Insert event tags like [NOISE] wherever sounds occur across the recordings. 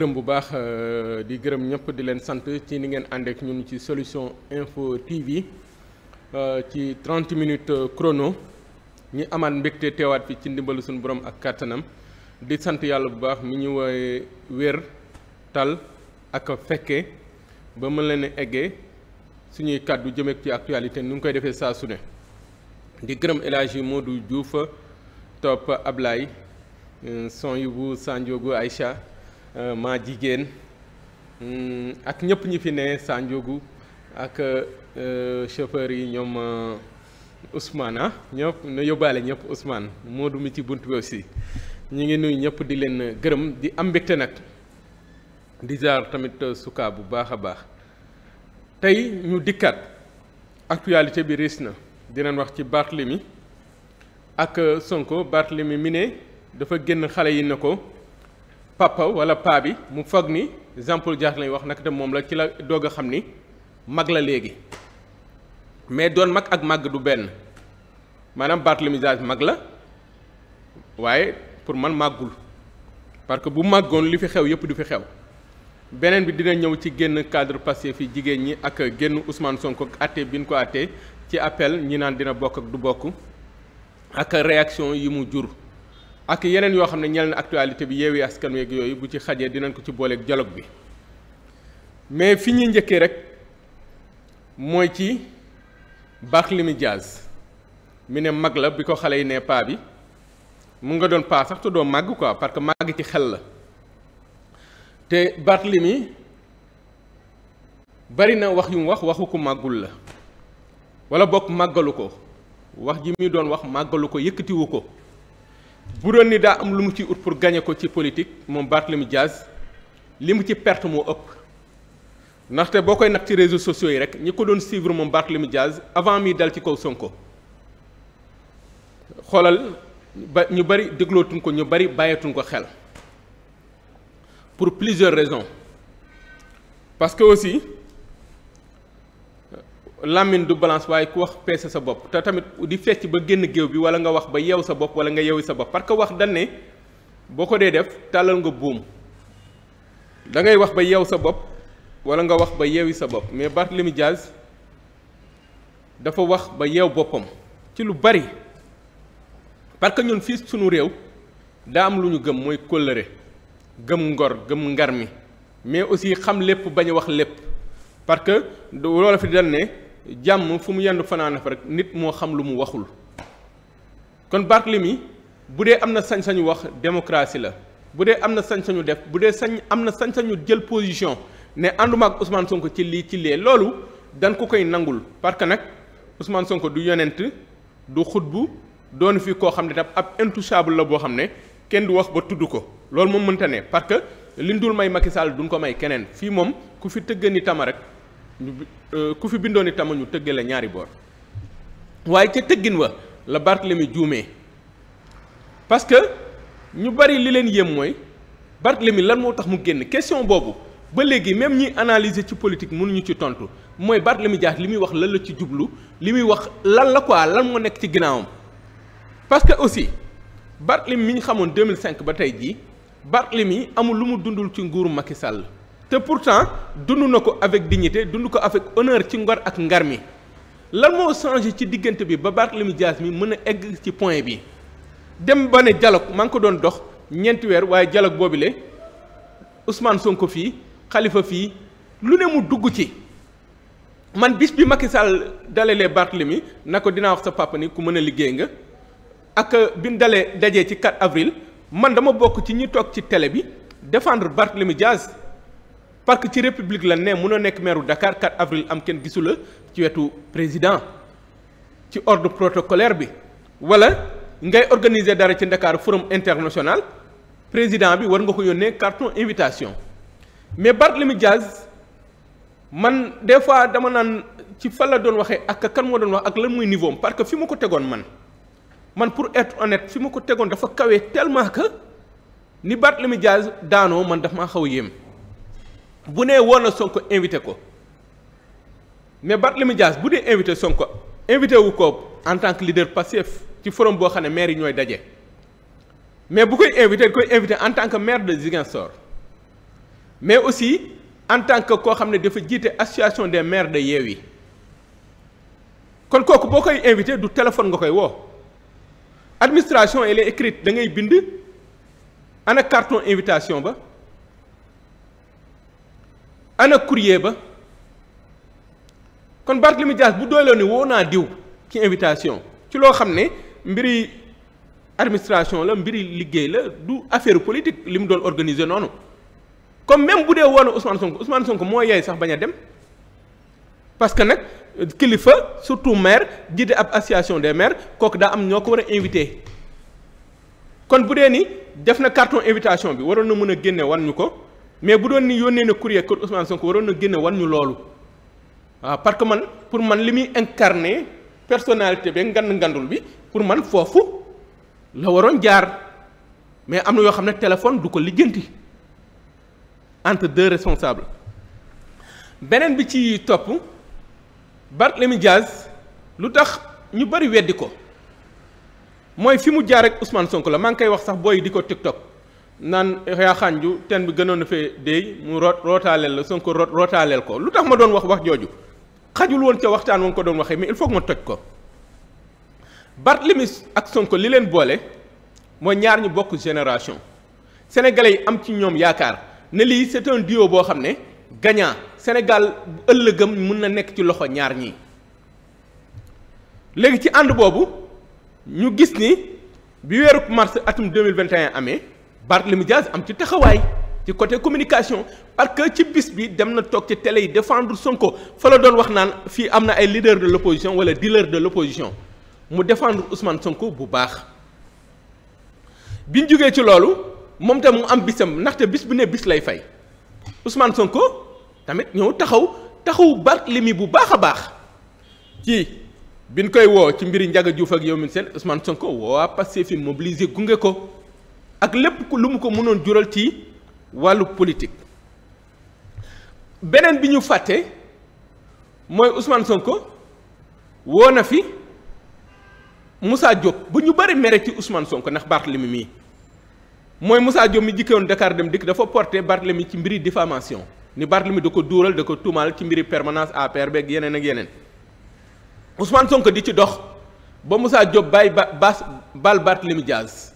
gërëm bu baax euh, di gërëm ñëpp di leen sant ci ni ngeen àndeek ñun ci solution info TV euh, ci 30 minutes euh, crono ñi amaat mbégte teewaat fi ci ndimbalu suñu borom ak kàttanam di sant yàlla bu baax mi ñu woowee wér tal ak fekke ba mën leen eggee suñuy kàddu jëmeek ci actualité nu ngi koy defee saa su ne di gërëm El moo du Diouf topp Ablaye son yu bu Sanjogu Aïcha Euh, maa jigéen hmm, ak ñëpp ñi fi ne Sanjogu ak euh, chauffeur yi ñoom euh, Ousmane ah ñëpp na yóbbaale ñëpp Ousmane Modou mi ci bunt bi aussi ñu ngi nuyu ñëpp di leen gërëm di am mbégte nag di jaar tamit sukaa bu baax a baax tey ñu dikkat actualité biir riis na dinañ wax ci mi ak Sonko Barthélemy mi mi ne dafa génn xale yi ne ko papa wala paa bi mu foog ni Jean Paul Dias lañ wax nag te moom la ci la doog xam ni mag la léegi mais doon mag ak màgg du benn maanaam Barthélemy Dias mag la waaye pour man màggul parce que bu màggoon li fi xew yëpp du fi xew beneen bi dina ñëw ci génn cadre passé fi jigéen ñi ak génn Ousmane Sonko ak àtte bi ko àtte ci appel ñi naan dina bokk ak du bokk ak réaction yi mu jur ak yeneen yoo xam ne ñel na actualité bi yeewi askan wi ak yooyu bu ci xajee dinañ ko ci booleeg dialogue bi mais fi ñuy njëkkee rek mooy ci Barthélémy jaas mi ne mag la bi ko xale yi ne paa bi mu nga doon paa sax te doo màgg quoi parce que màgg ci xel la te Barthélémy bari na wax yu mu wax waxu ko màggul la wala bokk màggalu ko wax ji muy doon wax màggalu ko yëkkatiwu ko bu doon ni daa am lu mu ci ut pour gagner ko ci politique moom Barthélemy Diaz li mu ci perte moo ëpp ndaxte boo koy nag ci réseau sociaux yi rek ñi ko doon suivre moom Barthélemy Diaz avant mi dal ci kaw Sonko xoolal ba ñu bari déglootuñ ko ñu bari bàyyeetuñ ko xel pour plusieurs raisons parce aussi làmmiñ du balance waaye ku wax peese sa bopp te tamit di fecc ba génn géew bi wala nga wax ba yeew sa bopp wala nga yeewi sa bopp parce que wax dañ ne boo ko dee def tàllal nga buum da ngay wax ba yeew sa bopp wala nga wax ba yeewi sa bopp mais Barthélemy Diaz dafa wax ba yeew boppam ci lu bari parce que ñun fii suñu réew daa am lu ñu gëm mooy kóllëre gëm ngor gëm ngar mi mais aussi xam lépp bañ a wax lépp parce que loola fi dal ne jàmm fu mu yendu fanaana fa rek nit moo xam lu mu waxul kon mi bu dee am na sañ-sañu wax démocratie la bu dee am na sañ-sañu def bu dee sañ am na sañ-sañu jël position ne ànduma ak Ousmane Sonko ci lii ci loolu dañ ko koy nangul parce que nag Ousmane Sonko du yonent du xutbu doon fi koo xam ne tam ab intouchable la boo xam ne kenn du wax ba tudd ko loolu moom mënta ne parce que liñ dul may Macky Sall duñ ko may keneen fii moom ku fi tëgg ni tama rek. ñu euh, ku fi bindoon itam ñu tëgge la ñaari boor waaye ca tëggin wa la Barthélemy juume parce que ñu bari li leen yéem mooy Barthélemy lan moo tax mu génn question boobu ba léegi même ñi analyser ci politique mënuñu ci tontu mooy Barthélemy Dias li muy wax lan la ci jublu li muy wax lan la quoi lan moo nekk ci ginnaawam parce que aussi Barthélemy mi ñu xamoon 2005 ba tey jii Barthélemy amul lu mu dundul ci nguuru Macky Sall. te pourtant dund na ko avec dignité dund ko avec honneur ci ngor ak ngar mi lan moo changé ci diggante bi ba Barthélemy jaas mi mën a egg ci point bi dem ba ne dialogue maa ngi ko doon dox ñeenti weer waaye dialogue boobule Ousmane Sonko fii Khalifa fii lu ne mu dugg ci man bis bi Macky Sall dalalee Barthélemy na ko dinaa wax sa papa ku mën a liggéey nga ak bi mu ci 4 avril man dama bokk ci ñi toog ci télé bi défendre Barthélemy Dias parce que ci république la ne a nekk maire Dakar 4 avril am kenn gisu la ci wetu président ci ordre protocolaire bi wala ngay organiser dara ci ndakaaru forum international président bi war nga ko yónnee carton invitation mais Barthélemy Diaz man des fois dama naan ci fan la doon waxee ak kan moo doon wax ak lan muy niveau parce que fi ma ko tegoon man man pour être honnête fi ma ko tegoon dafa kawee tellement que ni Barthélemy Diaz daanoo man daf maa xaw a yéem. bu nee woon na Sonko invité ko mais Barthélémy Dias bu dee invité son invité wu ko en tant que leader Pastef ci forum boo xam ne maire yi ñooy daje mais bu koy invité di koy invité en tant que maire de Ziguinchor mais aussi en tant que koo xam ne dafa jiite association des maire de Yewwi kon kooku boo koy invité du téléphone nga koy woo administration elle est écrite da ngay bind ana carton invitation ba. ana courrier ba kon Barthélemy Dias bu doyloo ni woo naa diw ci invitation ci loo xam ne mbiri administration la mbiri liggéey la du affaire politique li mu doon organiser noonu comme même bu dee woon Ousmane Sonko Ousmane Sonko moo yey sax bañ a dem parce que nag kilifa surtout maire jiite ab association des maire kooku daa am ñoo ko war a invité kon bu dee ni def na carton invitation bi waroon na mën a génne wan ñu ko mais bu doon ni yónnee ne courrier kër Ousmane Sonko waroon na génne wan ñu loolu waaw ah, parce que man pour man li muy incarné personnalité be ngand ngandul bi pour man foofu la waroon jaar mais am na yoo xam ne téléphone du ko lijjanti entre de responsables beneen bi ci topp Barthélémy Dias lu tax ñu bari weddi ko mooy fi mu jaar ak Ousmane Sonko la maa ngi koy wax sax booy di ko TikTok naan yaa xànju ten bi gënoon a fee deey mu root rootaaleel la Sonko root rootaaleel ko lu tax ma doon wax wax jooju xajul woon ca waxtaan woon ko doon waxee mais il faut ma toj ko Barthélemy ak Sonko li leen boole mooy ñaar ñu bokk génération sénégalais yi am ci ñoom yaakaar ne lii c'est un boo xam ne gagnant Sénégal ëllëgam mun na nekk ci loxo ñaar ñi léegi ci ànd boobu ñu gis ni bi weeru mars atum 2021 amee Barthélémy Dias am ci taxawaay ci côté communication parce que ci bis bi dem na toog ci tele yi défendre Sonko fa la doon wax naan fii am na ay leader de l'opposition wala dealer de l'opposition mu défendre Ousmane Sonko bu baax biñ jógee ci loolu moom tam mu am bisam ndaxte bis bu ne bis lay fay Ousmane Sonko tamit ñëw taxaw taxaw Barthélémy bu baax a baax ci biñ koy woo ci mbiri Ndiaga Diouf ak yow min seen Ousmane Sonko woo Pastef fi mobiliser gunge ko ak lépp lu mu ko mënoon jural ci wàllu politik beneen bi ñu fàtte mooy Ousmane Sonko woo na fi Moussa Diop bu ñu bari mere ci Ousmane Sonko ndax Barthélemy mii mooy Moussa Diop mi jikkee woon dem dikk dafa porté Barthélemy ci mbiri diffamation ni Barthélemy da ko duural da ko tuumaal ci mbiri permanence APR beeg yeneen ak yeneen Ousmane Sonko di ci dox ba musaa Diop bàyyi ba bas bal Barthélemy Diaz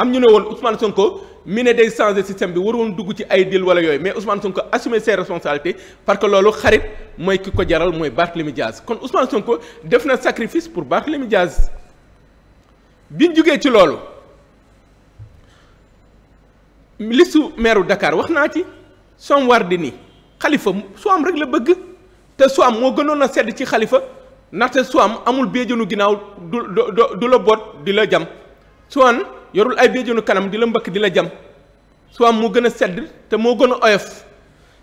am ñu ne woon Ousmane Sonko mi ne day changer système bi waroon dugg ci ay dil wala yooyu mais Ousmane Sonko assumer ses responsabilités parce que loolu xarit mooy ki ko jaral mooy Barthélemy Diaz kon Ousmane Sonko def na sacrifice pour Barthélemy Diaz biñ jugee ci loolu listu maire Dakar wax naa ci son Soham Wardini Khalifa Soham rek la bëgg te Soham moo gënoon a sedd ci Khalifa ndaxte Soham amul béjjënu ginnaaw du du la boot di la jam yorul ay béjjénu kanam di la mbëkk di la jam su am moo gën a sedd te moo gën a oyof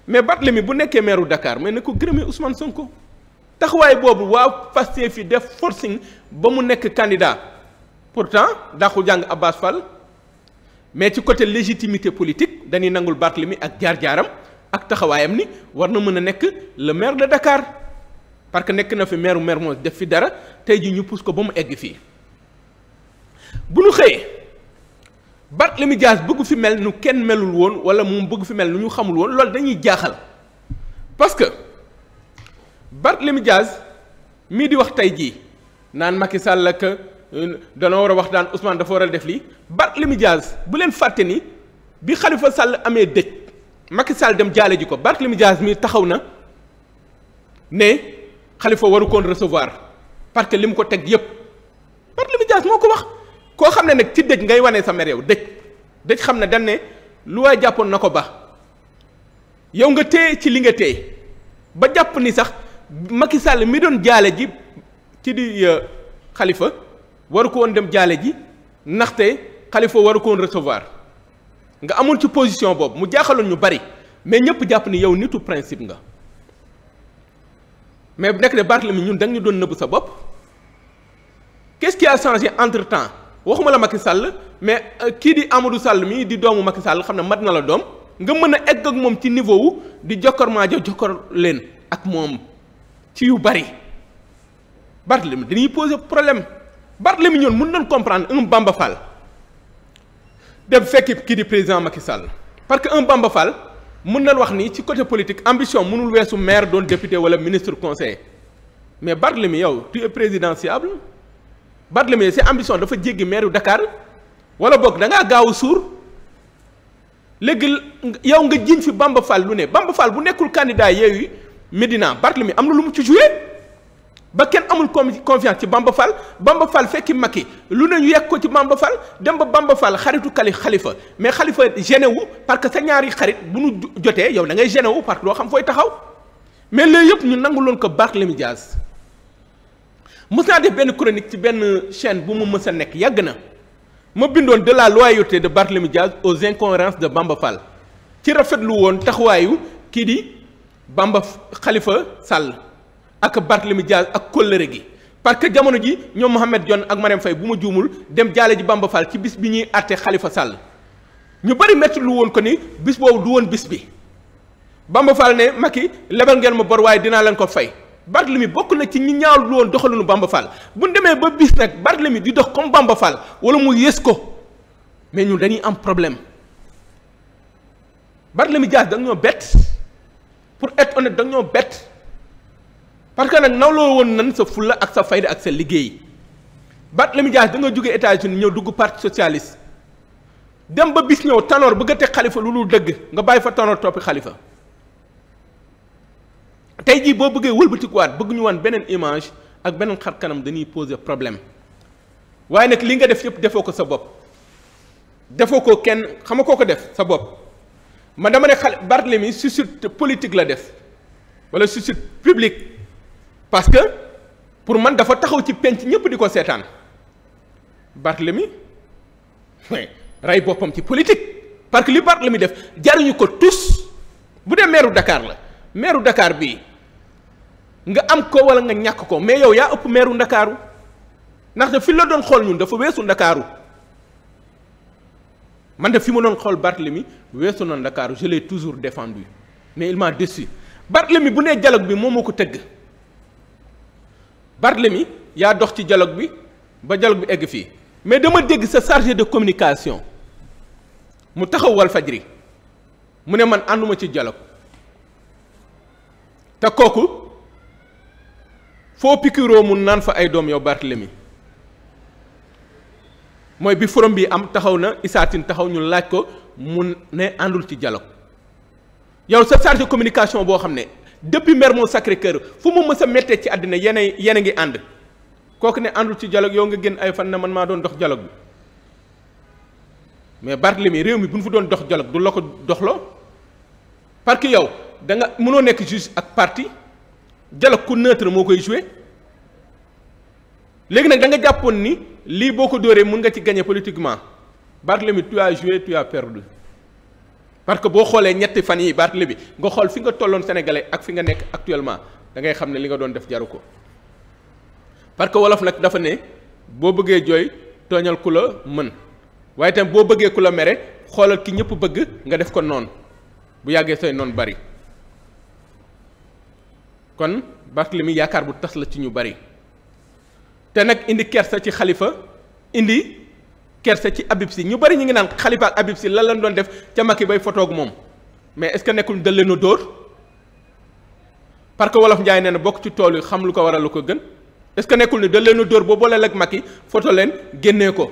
mais Barthélemy bu nekkee meeru dakaar mais ne ko gërëmee Ousmane Sonko taxawaay boobu waa Pastef fi def forcing ba mu nekk candidat pourtant dàqu jàng Abbas Fall mais ci côté légitimité politique dañuy nangul mi ak jaar-jaaram ak taxawaayam ni war na mën a nekk le maire la dakaar parce que nekk na fi maire moo def fi dara tey ji ñu pousse ko ba mu egg fii bu ñu Barthélémy Dias bëgg fi mel nu kenn melul woon wala moom bëgg fi mel nu ñu xamul woon loolu dañuy jaaxal parce que Barthélémy Dias mii di wax tey jii naan Macky Sall ak euh, dana war a wax daan Ousmane dafa war a def lii Barthélémy Dias bu leen fàtte ni bi xalifa Sall amee dëj Macky Sall dem jaale ji ko Barthélémy Dias mii taxaw na ne xalifa waru koon recevoir parce que li ko teg yépp Barthélémy Dias moo ko wax. koo xam ne nag ci dëj ngay wane sa mer yow dëj dëj xam ne dañ ne lu waay jàppoon na ko ba yow nga téye ci li nga téye ba jàpp ni sax Macky Sall mi doon jaale ji ci di xalifa euh, waru ko woon dem jaale ji ndaxte xalifa waru ko woon resevoir nga amul ci position boobu mu jaaxaloon ñu bari mais ñëpp jàpp ni yow nitu principe nga mais bu nekk de Barthélemy ñun da nga ñu doon nëbb sa bopp qu'est-ce qui a changé entre temps waxuma la Macky Sall mais euh, kii di Amadou sàll mii di doomu Macky Sall xam ne mat na la doom nga mën a egg ak moom ci niveau wu di jokkor maajo jokkor leen ak moom ci yu bari Barthélemy dañuy poser problème mi ñoon mën nañ comprendre un Bamba Fall dem fekki kii di président Macky Sall parce que un Bamba Fall mën nañ wax ni ci côté politique ambition mënul weesu maire doon député wala ministre conseil mais Barthélemy yow tu si présidentiable Barthélémy si ambition dafa jéggi maire yu Dakar wala boog da gaaw a suur léegi yow nga jiñ fi Bamba Fall lu ne Bamba bu nekkul candidat yeeyu Médina Barthélémy am na lu mu ci joué ba kenn amul confiance ci Bamba Fall Bamba Fall fekki Macky lu ne ñu yegg ko ci Bamba Fall dem ba Bamba Fall xaritu kali xalifa mais xalifa gêné wu parce que sa ñaari xarit bu nu jotee yow da ngay gêné wu parce que doo xam fooy taxaw mais léegi yëpp ñu nangu loon ko Barthélémy Dias mës naa def benn cronique ci benn chaine bu mu mës nekk yàgg na ma bindoon de la loyauté de Barthélémy Diaz aux incohérences de Bamba Fall ci rafetlu woon taxawaayu kii di Bamba xalifa Sall ak Barthélémy Diaz ak kóllëre gi parce que jamono ji ñoom Mohamed Dionne ak Marème Faye bu ma juumul dem jaale ji Bamba ci bis bi ñuy àtte xalifa sàll ñu bari métti woon ko ni bis boobu du woon bis bi Bamba Fall ne Macky lebal ngeen ma bor waaye dinaa leen ko fay mi bokk na ci ñi ñaawlu woon doxalinu Bamba Fall bu ñu demee ba bis nag Barthélemy di dox comme Bamba Fall wala mu yées ko mais ñu dañuy am problème Barthélemy Dias da ñoo bett pour être honnête da ñoo bett parce que nag nawloo woon nan sa fulla ak sa fayda ak sa liggéey Barthélemy Dias da nga jóge États-Unis ñëw dugg parte socialiste dem ba bis ñëw Tanor bëgg a teg Xalifa lu dul dëgg nga bàyyi fa Tanor toppi Xalifa tey jii boo bëggee wëlbatikuwaat bëgg ñu wan beneen image ak beneen xar kanam dañuy poser problème waaye nag li nga def yëpp defoo ko sa bopp defoo ko kenn xam koo ko def sa bopp man dama ne xal Barthélemy suicide politique la def wala suicide public parce que pour man dafa taxaw ci penc ñëpp di ko seetaan Barthélemy rey boppam ci politique parce que li mi def jariñu ko tous bu dee meeru dakaar la meeru Dakar bii nga am ko wala nga ñàkk ko mais yow yaa ëpp meeru ndakaaru ndaxte fi la doon xool ñun dafa weesu ndakaaru man te fi ma doon xool Barthélemy weesu na ndakaaru je l'ai toujours défendu mais il m'a déçu mi bu nee dialogue bi moom ko tëgg Barthélemy yaa dox ci dialogue bi ba dialogue bi egg fii mais dama dégg sa chargé de communication mu taxaw Walfadjri mu ne man ànduma ci dialogue te kooku foo pikiroo mun naan fa ay doom yow Barthélemy mooy bi forom bi am taxaw na isaatin taxaw ñu laaj ko mu ne àndul ci dialogue yow sa chargé communication boo xam ne depuis Mermoz Sacré-Cœur fu mu mësa a méttee ci àddina yéen a yéen a ngi ànd kooku ne àndul ci dialogue yow nga génn ay fan na man maa doon dox dialogue bi mais Barthélemy réew mi bu ñu fa doon dox dialogue du la ko doxloo parce que yow. da nga mënoo nekk juge ak parti dialogue ku neutre moo koy joué léegi nag da nga jàppoon ni lii boo ko dóoree mun nga ci gagné politiquement Barthélemy tu as joué tu as perdu parce que boo xoolee ñetti fan yi Barthélemy bi nga xool fi nga tolloon sénégalais ak fi nga nekk actuellement dangay xam ne li nga doon def jaru ko parce que wolof nag dafa ne boo bëggee jooy tooñal ku la mën waaye tamit boo bëggee ku la mere xoolal ki ñëpp bëgg nga def ko noonu bu yàggee say noon bari kon Barthélemy yaakaar bu tas la ci ñu bari te nag indi kersa ci xalifa indi kersa ci Habib Sy ñu bari ñu ngi naan xalifa ak Habib Sy lan lañ doon def ca Macky bay fotoog moom mais est-ce que nekkul dal leen a dóor parce que wolof Njaay nee na bokk ci tool yi xam ko waral lu gën est-ce que nekkul ni dal leen dóor boo booleel ak Macky foto leen génnee ko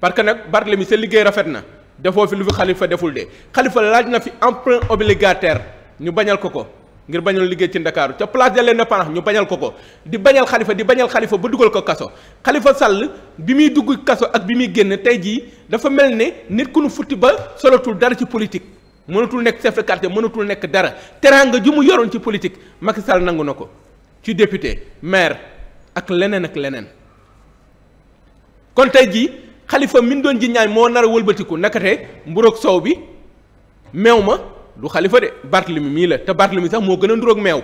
parce que nag mi sa liggéey rafet na defoo fi lu fi xalifa deful de xalifa laaj na fi emprunt obligataire ñu bañal ko ko. ngir bañal liggéey ci Ndakaaru ca place de l'Indépendance ñu bañal ko ko di bañal xalifa di bañal xalifa ba dugal ko kaso xalifa sàll bi muy dugg kaso ak bi muy génn tey jii dafa mel ni nit ku nu futti ba solatul dara ci politique mënatul nekk chef de nekk dara teraanga ju mu yoroon ci politique Macky Sall nangu na ko ci député maire ak leneen ak leneen kon tey ji xalifa min doon ji ñaay moo nar wëlbatiku nakate mburoog soow bi meew ma du xalifa de Barthélemy mii la te Barthélemy sax moo gën a nduroog meew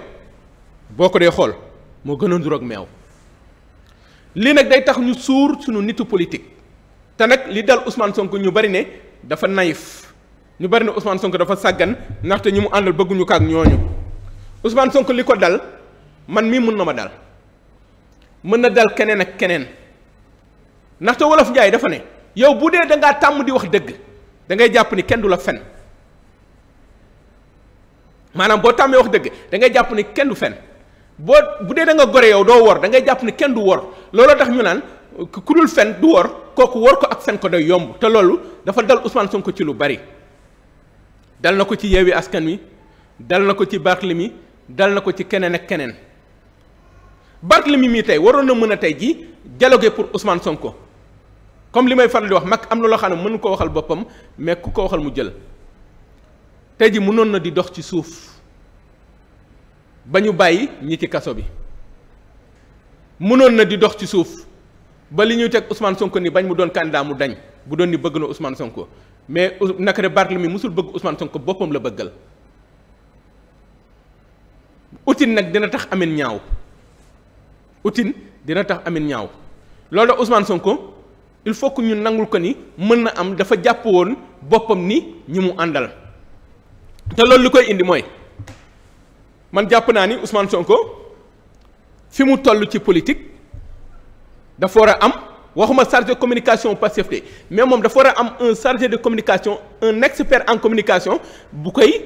boo ko dee xool moo gën a nduroog meew lii nag day tax ñu suur suñu nitu politique te nag li dal usmaan sonk ñu bari ne dafa naïf ñu bari ne Ousmane sonk dafa sàggan ndaxte ñi mu àndal bëgguñu ko ak ñooñu Ousmane Sonko li ko dal man mii mën na ma dal mën na dal keneen ak keneen ndaxte wolof Njaay dafa ne yow bu dee da tàmm di wax dëgg da ngay jàpp ni kenn du la fen maanaam boo tàmmee wax dëgg dangay jàpp ni kenn du fen boo bu dee da nga gore yow doo wor dangay jàpp ni kenn du wor looloo tax ñu naan ku dul fen du wor kooku wor ko ak fen ko day yomb te loolu dafa dal usmaan Ousmane ko ci lu bari dal na ko ci Yewwi Askan Wi dal na ko ci Barthélemy dal na ko ci keneen ak keneen Barthélemy mii tey waroon na mën a tey ji dialoguer pour Ousmane Sonko comme li may faral di wax mag am na loo xam ne mënu ko waxal boppam mais ku ko waxal mu jël tey ji mënoon na di dox ci suuf ba ñu bàyyi ñi ci kaso bi mënoon na di dox ci suuf ba li ñuy teg Ousmane Sonko ni bañ mu doon candidat mu dañ bu doon ni bëgg na Ousmane Sonko mais nakare Barthélemy musul bëgg Ousmane Sonko boppam la bëggal utine nag dina tax amin ñaaw utine dina tax amin ñaaw loolu da Ousmane Sonko il faut que ñu nangul ko ni mën na am dafa jàpp woon boppam ni ñi mu àndal te loolu li koy indi mooy man jàpp naa ni Ousmane Sonko fi mu toll ci politique dafa war a am waxuma chargé de communication Pastef de mais moom dafa war a am un chargé de communication un expert en communication bu koy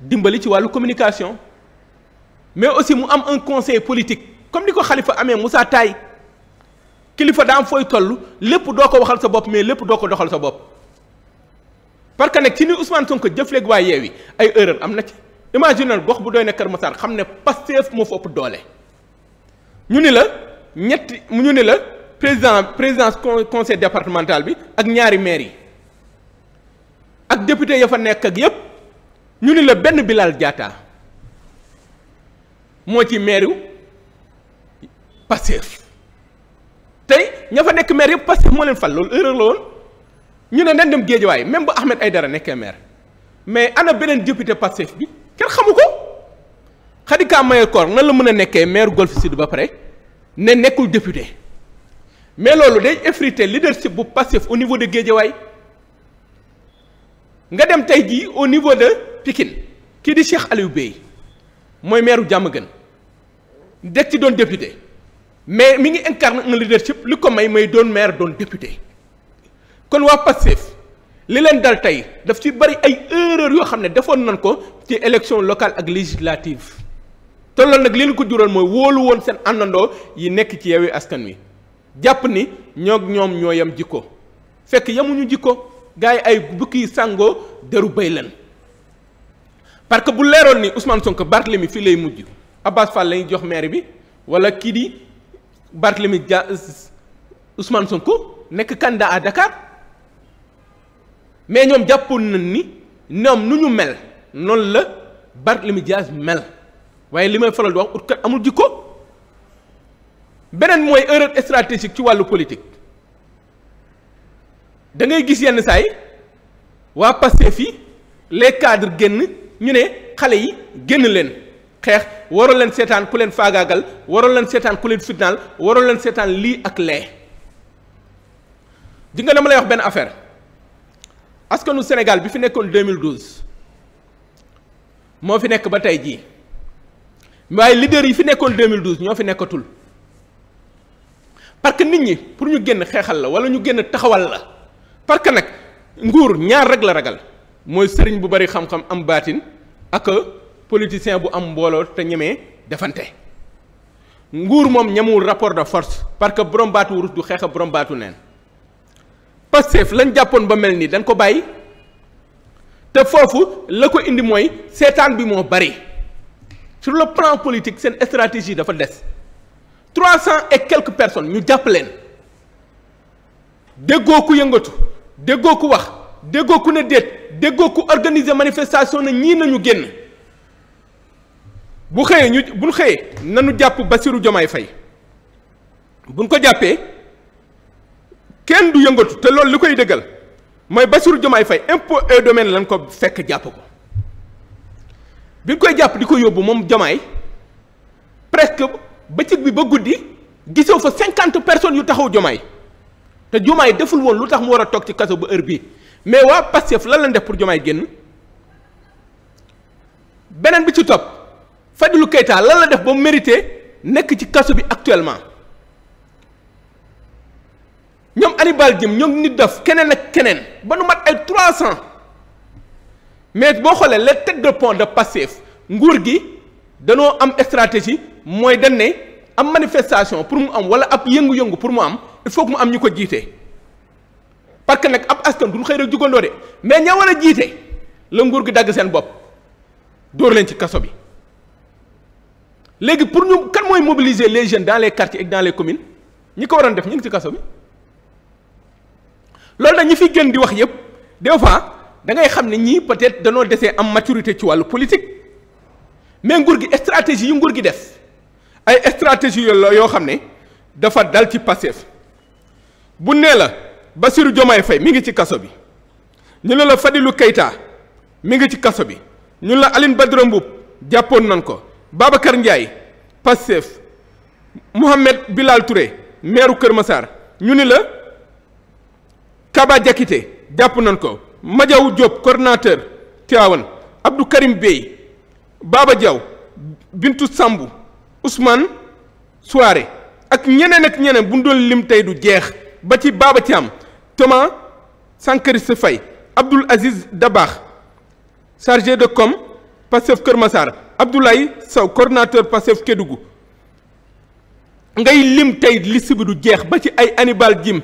dimbali ci wàllu communication mais aussi mu am un conseil politique comme di ko xalifa amee musa Taye kilifa daam fooy toll lépp doo ko waxal sa bopp mais lépp doo ko doxal sa bopp. parce que nag ci ni Ousmane Sonko jëfleeg waa Yewwi ay erreur am na ci imaginal gox bu doy ne Kër Massar xam ne Pastef moo fa ëpp doole ñu ni la ñetti ñu ni la président présidence conseil départemental bi ak ñaari maire yi ak député ya fa nekk ak yépp ñu ni la benn Bilal Diatta moo ci maire yu Pastef tey ña fa nekk maire yëpp Pastef moo leen fal loolu erreur la woon ñu ne nañ dem géejawaay même bu Ahmed dara nekkee maire mais ana beneen député Pastef bi kenn xamu ko Khadija Mahécor Ngom nan la mën a nekkee maire Golf Sud ba pare ne nekkul député mais loolu day effriter leadership bu Pastef au niveau de géejawaay nga dem tey jii au niveau de Pikine kii di Cheikh Aliou Bey mooy maire Diamaguène deg ci doon député mais mi ngi incarne un leadership li ko may may doon maire doon député kon waa Pastef li leen dal tey daf ci bari ay erreur yoo xam ne defoon nañ ko ci élection locale ak législative te loolu nag li leen ko jural mooy woolu woon seen àndandoo yi nekk ci Yewwi Askan Wi jàpp ni ñoog ñoom ñoo yam jikko fekk yamuñu jikko gars yi ay bukki sàngoo deru bay lan parce que bu leeroon ni Ousmane Sonko Barthélemy fii lay mujj Abbas Fall lañuy jox maire bi wala kii di Barthélemy Dia Ousmane Sonko nekk candidat à Dakar mais ñoom jàppoon nañ ni ñoom nu ñu mel noonu la Barthélémy Dias mel waaye li may faral di wax ut kat amul jikko beneen mooy erreur stratégique ci wàllu politique dangay gis yenn saa yi waa Pastef fi les cadres génn ñu ne xale yi génn leen xeex waroon leen seetaan ku leen faagaagal waroon leen seetaan ku leen fitnaal waroon leen seetaan lii ak lee di nga dama lay wax benn affaire. askanu Sénégal bi fi nekkoon 2012 moo fi nekk ba tey jii waaye leader yi fi nekkoon 2012 ñoo fi nekkatul parce que nit ñi pour ñu génn xeexal la wala ñu génn taxawal la parce que nag nguur ñaar rek la ragal mooy sëriñ bu bari xam-xam am baatin ak politicien bu am mbooloo te ñemee defante nguur moom ñemewul rapport de force parce que borom baatu wurus du xeex a borom baatu neen. Pastef lañ jàppoon ba mel nii dañ ko bàyyi te foofu la ko indi mooy seetaan bi moo bari sur le plan politique seen stratégie dafa des trois cent et quelques personnes ñu jàpp leen déggoo ku yëngatu déggoo ku wax déggoo ku ne déet déggoo ku organiser manifestation na ñii nañu génn bu xëyee ñu buñ xëyee nañu jàpp Bassirou Diomaye Faye buñ ko jàppee kenn du yëngatu te loolu li koy dëggal mooy Bassirou Diomaye Faye impôt et domaine lañ ko fekk jàpp ko bi ñu koy jàpp di ko yóbbu moom Diomaye presque bëccëg bi ba guddi gisoo fa cinquante personnes yu taxaw Diomaye te Diomaye deful woon lu tax mu war a toog ci kaso ba heure bii mais waa Pastef lan lañ def pour Diomaye génn beneen bi ci topp fajulu Keita lan la def ba mu mérité nekk ci kaso bi actuellement ñoom Hannibal Djim ñoom nit def keneen ak keneen ba nu mat ay trois cent mais boo xoolee les têtes de pont de Pastef nguur gi danoo am stratégie mooy dañ ne am manifestation pour mu am wala ab yëngu-yëngu pour mu am il faut que mu am ñu ko jiite parce que nag ab askan duñ xëy rek jugandoo de mais ña war a jiite la nguur gi dagg seen bopp dóor leen ci kaso bi léegi pour ñu kan mooy mobiliser les jeunes dans les quartiers et dans les communes ñi ko waroon def ñu ngi ci kaso bi. loolu dañu fi gën di wax yëpp des fois da ngay xam ne ñii peut-être danoo desee am maturité ci wàllu politique mais nguur gi stratégie yu nguur gi des ay stratégie la yoo xam ne dafa dal ci Pastef bu nee la Bassirou Diomaye Faye mi ngi ci kaso bi ñu ne la Fadilou Keita mi ngi ci kaso bi ñu la Aline Badara jàppoon nañ ko Babacar Ndiaye Pastef Mouhamed Bilal Touré maire Kër Massar ñu ni la Kaba Diakité jàpp nañ ko Madiaw Diop coordonnateur Tivaouane Abdou Karim Bey Baba Diaw Bintu Samb usmaan Souare ak ñeneen ak ñeneen bu ñu doon lim tey du jeex ba ci Baba Thiam Thomas Sankari Faye Abdoul Aziz baax chargé de com Pastef Kër Massar Abdoulaye Sow coordonnateur Pastef Kédougou ngay lim tey liste du jeex ba ci ay Hannibal Djim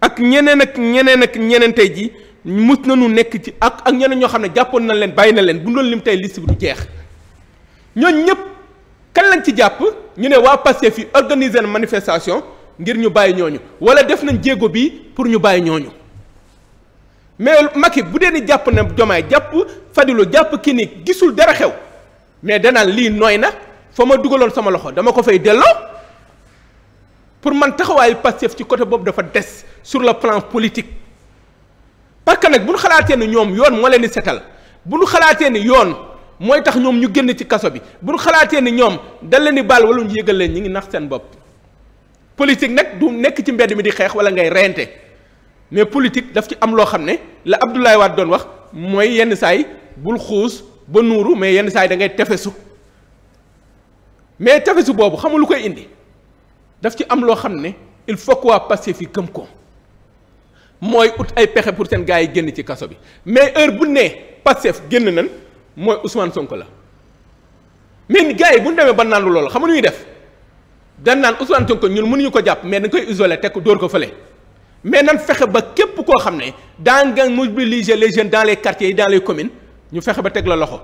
ak ñeneen ak ñeneen ak ñeneen tey ji na nu nekk ci ak ak ñeneen ñoo xam ne jàppoon na leen bàyyi na leen bu doon lim tey liste bi du jeex ñooñ ñëpp kan lañ ci jàpp ñu ne waa Pastef yi organiser na manifestation ngir ñu bàyyi ñooñu wala def nañ jéego bi pour ñu bàyyi ñooñu mais Macky bu dee ni jàpp na Diomaye jàpp Fadilou jàpp ki ni gisul dara xew mais danaan lii nooy na fa ma dugaloon sama loxo dama ko fay delloo pour man taxawaayu Pastef ci côté boobu dafa des sur le plan politique parce que nag bu ñu xalaatee ne ñoom yoon moo leen di setal bu ñu xalaatee ni yoon mooy tax ñoom ñu génn ci kaso bi bu xalaatee ne ñoom dañ leen di baal wala ñu yëgal leen ñu ngi nax seen bopp politique nag du nekk ci mbedd mi di xeex wala ngay reyante mais politique daf ci am loo xam ne la Abdoulaye waat doon wax mooy yenn saay bul xuus ba nuuru mais yenn saay da ngay tefesu mais tefesu boobu xamul lu koy indi. daf ci am loo xam ne il faut que waa Pastef yi gëm ko mooy ut ay pexe pour seen gars yi génn ci kaso bi mais heure bu ne Pastef génn nan mooy Ousmane Sonko la mais gars yi bu ñu demee ba naan loolu xam nga ñuy def dan naan Ousmane Sonko ñun mënuñu ko jàpp mais dañ koy isolé teg ko dóor ko fële mais nan fexe ba képp koo xam ne daa nga mobiliser les jeunes dans les quartiers yi dans les communes ñu fexe ba teg la loxo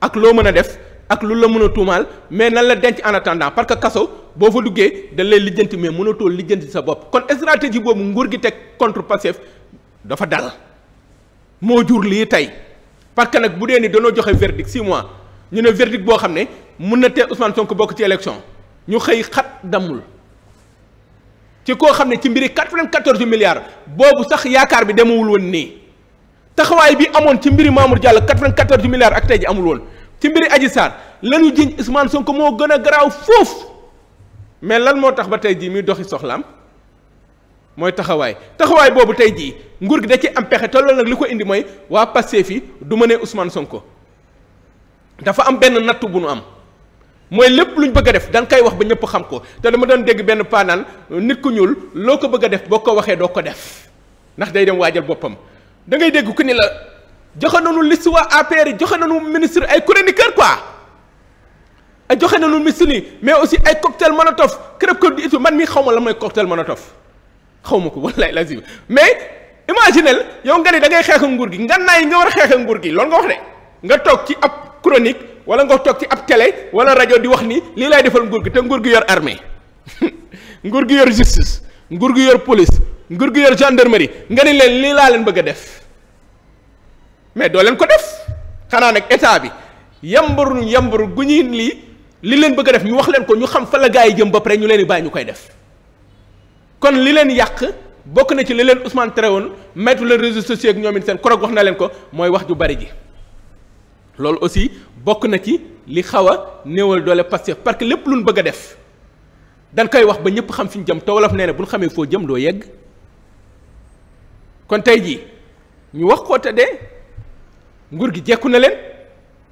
ak loo mën a def ak lu la mën a tuumaal mais nan la denc en parce que kaso. boo fa duggee dañ lay lijjanti mais mënatoo lijjanti sa bopp kon stratégie boobu nguur gi teg contre Pastef dafa dal moo jur lii tey parce que nag bu dee ni danoo joxe verdict six mois ñu ne verdict boo xam ne mun na teel Ousmane Sonko bokk ci élection ñu xëy xat damul ci koo xam ne ci mbiri 94 milliards boobu sax yaakaar bi demewul woon nii taxawaay bi amoon ci mbiri Mamour Diallo 94 milliards ak tey ji amul woon ci mbiri Adji saar lañu jiñ Ousmane Sonko moo gën a garaaw foofu mais lan moo tax ba tey jii muy doxi soxlaam mooy taxawaay taxawaay boobu tey jii nguur gi da ci am pexe tollal nag li ko indi mooy waa Pastef yi du ma ne Ousmane Sonko dafa am benn nattu bu nu am mooy lépp luñ bëgg a def dañ koy wax ba ñëpp xam ko te dama doon dégg benn paanaan nit ku ñuul loo ko bëgg a def boo ko waxee doo ko def ndax day dem waajal boppam da ngay dégg ku ni la joxe nañu liste waa APR yi joxe nañu ministre ay chroniqueur quoi. ay joxe na lu misili mais aussi ay cocktail molotov crêpe ko di itu man mii xaw ma la mooy a tof xaw ma ko [LAUGHS] wallaay lazim mais imaginel yow nga ne da ngay xeex nguur gi nga naa yi nga war a xeex nguur gi loolu nga wax de nga toog ci ab chronique wala nga toog ci ab télé wala rajo di wax ni lii lay defal nguur gi te nguur gi yor armée [LAUGHS] nguur gi yor justice nguur gi yor police nguur gi yor gendarmerie nga ni leen lii laa leen bëgg a def doo leen ko def xanaa nag état bi yambaru yambaru gu ñuy li leen bëgg a def ñu wax leen ko ñu xam fa la gaa yi jëm ba pare ñu leen di bàyyi ñu koy def kon li leen yàq bokk na ci li leen Ousmane tere woon mettre leen réseaux sociaux ak ñoom it seen korog wax na leen ko mooy wax ju bari ji loolu aussi bokk na ci li xaw a néewal doole Pastef parce que lépp luñ bëgg a def dañ koy wax ba ñëpp xam fi ñu jëm te wolof nee na bu ñu xamee foo jëm doo yegg kon tey jii ñu wax ko te de nguur gi jekku na leen.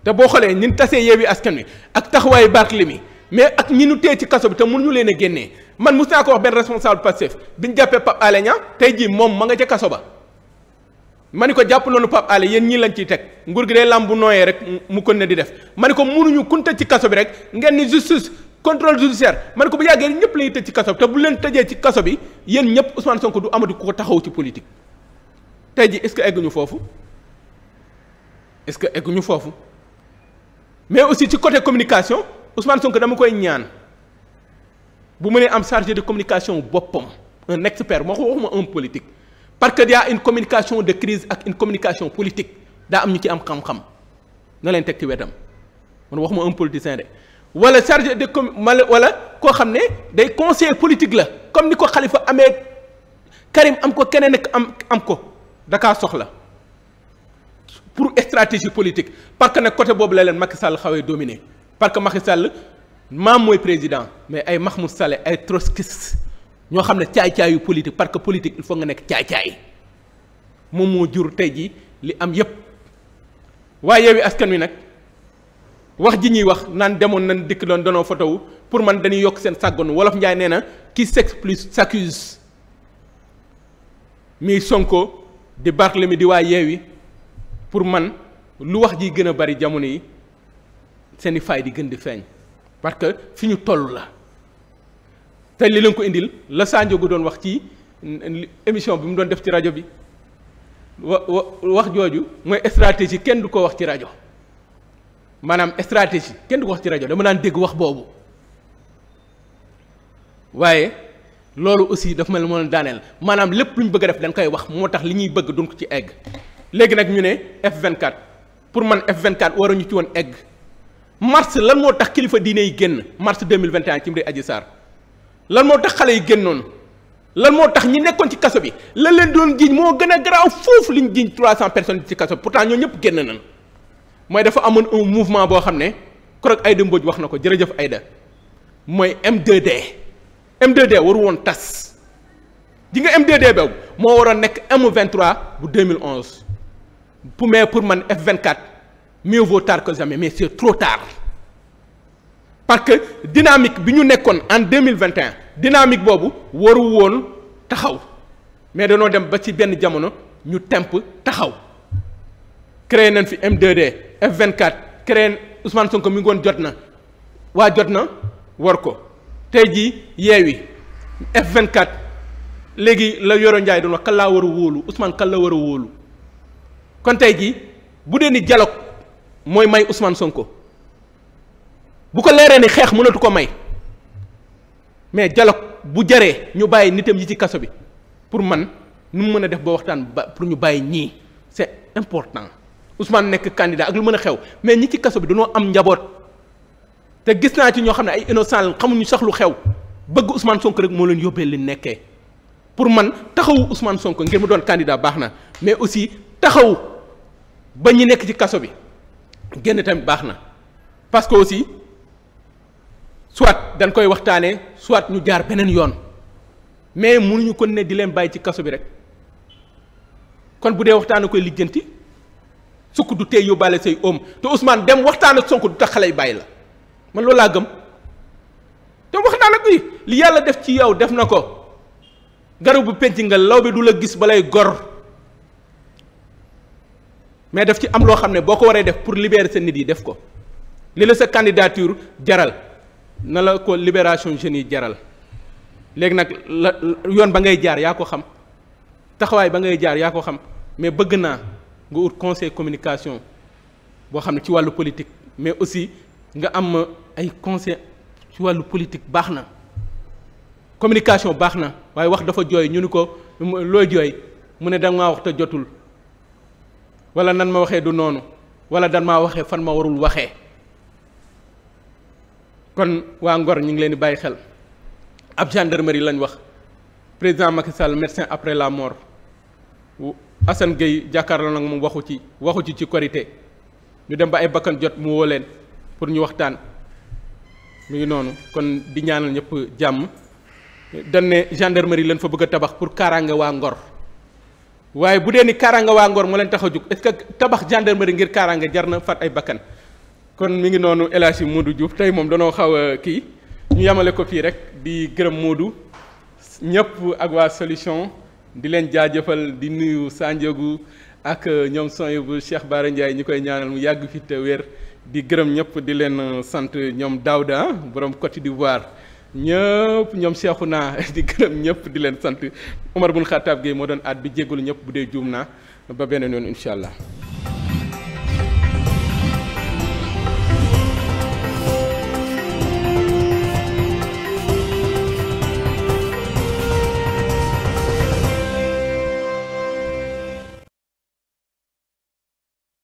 te boo xoolee ñun tasee Yewwi Askan Wi ak taxawaayu Barthélemy mais ak ñi nu téye ci kaso bi te mënuñu leen a génnee man mos naa ko wax benn responsable Pastef bi ñu jàppee Pape Alé Niang tey jii moom ma nga ca kaso ba ma ni ko jàpp noonu Pape Alé yéen ñii lañ ciy teg nguur gi day lam bu nooyee rek mu kon ne di def ma ni ko mënuñu kun tëj ci kaso bi rek ngeen ni justice contrôle judiciaire ma ko bu yàggee ñëpp la ñuy tëj ci kaso bi te bu leen tëjee ci kaso bi yéen ñëpp Ousmane Sonko du amati ku ko taxaw ci politique tey ji est-ce que egguñu foofu est-ce que egguñu foofu mais aussi ci côté communication Ousmane Sonko dama koy ñaan bu mënee am chargé de communication boppam un expert moo ko waxuma un politique parce que y une communication de crise ak une communication politique daa am ñu ci am xam-xam na leen teg ci wetam man waxuma un politicien de wala chargé de com wala koo xam ne day conseil politique la comme ni ko xalifa amee Karim am ko keneen ak am am ko da soxla. pour stratégie politique parce que nag côté boobu la leen Macky Sall xawee dominé parce que Macky maam mooy président mais ay Mahmoud Saleh ay troskis ñoo xam ne caay-caayu politique parce que politique il faut nga nekk caay-caay moom moo jur tey jii li am yépp waaye Yewwi Askan Wi nag wax ji ñuy wax naan demoon nañ dikk doon danoo photo pour man dañuy yokk seen sàggoon wolof Njaay nee na qui s'explique s'accuse mi Sonko di Barthélemy di waa Yewwi pour man lu wax ji gën a bari jamono yi seen i faay di gën di feeñ parce que fi ñu toll la te li leen ko indil la Sadio gu doon wax ci émission bi mu doon def ci rajo bi wa wax jooju mooy stratégie kenn du ko wax ci rajo maanaam stratégie kenn du wax ci rajo dama daan dégg wax boobu waaye loolu aussi dafa mel ni moo leen daaneel maanaam lépp lu ñu bëgg a def dañ koy wax moo tax li ñuy bëgg duñ ko ci egg. léegi nag ñu ne F24 pour man F24 ñu ci woon egg mars lan moo tax kilifa diine yi génn mars 2021 ci mbiri Adji saar lan moo tax xale yi génnoon lan moo tax ñi nekkoon ci kaso bi lan leen doon jiiñ moo gën a garaaw foofu liñ jiiñ 300 personnes ci kaso bi pourtant ñoo ñëpp génn nañ mooy dafa amoon un mouvement boo xam ne keroog Aïda Mbodj wax na ko jërëjëf Aïda mooy m 2 waru woon tas ji nga m 2 moo waroon nekk M23 bu 2011 pour mais pour man f vingt mieux vaut tard que jamais mais c' est trop tard parce que dynamique bi ñu nekkoon en deux mille vingt et un boobu waru woon taxaw mais danoo dem ba ci benn jamono ñu temp taxaw créé nañ fi m 2 vingt F24 créé Ousmane Sonko mi ngi woon jot na waa jot na war ko tey ji Yewwi F24 léegi la Yoro Ndiaye doon wax kan laa war a wóolu Ousmane kan la war a wóolu. kon tey jii bu dee ni dialogue mooy may Ousmane Sonko bu ko leeree ni xeex mënatu ko may mais dialogue bu jaree ñu bàyyi nitam yi ci kaso bi pour man nu mu mën a def ba waxtaan ba pour ñu bàyyi ñii c'est important Ousmane nekk candidat ak lu mën a xew mais ñi ci kaso bi dañoo am njaboot te gis naa ci ñoo xam ne ay innocent la xamuñu sax lu xew bëgg Ousmane Sonko rek moo leen yóbbee li nekkee pour man taxawu usmaan Sonko ngir mu doon candidat baax na mais aussi taxaw ba ñi nekk ci kaso bi génn tamit baax na parce que aussi soit dañ koy waxtaane soit ñu jaar beneen yoon mais mënuñu ko ne di leen bàyyi ci kaso bi rek kon bu dee waxtaan koy lijjanti sukk du tey yóbbaale say oom te Ousmane dem waxtaan ak Sonko du tax xale yi bàyyi la man loolu laa gëm te wax naa la kuy li yàlla def ci yow def na ko garabu penc nga law bi du la gis balay gor. mais daf ci am loo xam ne boo ko waree def pour libérer sa nit yi def ko li la sa candidature jaral na la ko libération jeunes jaral léegi nag la yoon ba ngay jaar yaa ko xam taxawaay ba ngay jaar yaa ko xam mais bëgg naa nga ut conseil communication boo xam ne ci wàllu politique mais aussi nga am ay conseil ci wàllu politique baax na communication baax na waaye wax dafa jooy ñu ni ko looy jooy mu ne danga maa wax te jotul wala nan ma waxee du noonu wala dan maa waxee fan ma warul waxee kon waa Ngor ñu ngi leen di bàyyi xel ab gendarmerie lañ wax président Macky Sall médecin après la mort Assane Gueye jàkkaarloo nag mu waxu ci waxu ci ci korité ñu dem ba ay bakkan jot mu woo leen pour ñu waxtaan mu ngi noonu kon di ñaanal ñëpp jàmm dañ ne gendarmerie lañ fa bëgg tabax pour kaaraange waa Ngor waaye bu dee ni kaaraanga waa Ngor moo leen tax a jug est ce que tabax gendarmerie ngir kaaraanga jar na fat ay bakkan kon mi ngi noonu El Hadji Modou Diouf tey moom danoo xaw kii ñu yamale ko fii rek di gërëm Modou ñëpp ak waa solution di leen jaajëfal di nuyu Sandiogou ak euh, ñoom sony bu Cheikh Bara Ndiaye ñi koy ñaanal mu yàgg fi te wér di gërëm ñëpp di leen euh, sant ñoom Daouda ah, borom Côte d'Ivoire ñëpp ñoom seexu naa [LAUGHS] di gërëm ñëpp di leen sant Omar bun Xattaab Gueye moo doon at bi jégalu ñëpp bu dee juum naa ba beneen yoon incha allah.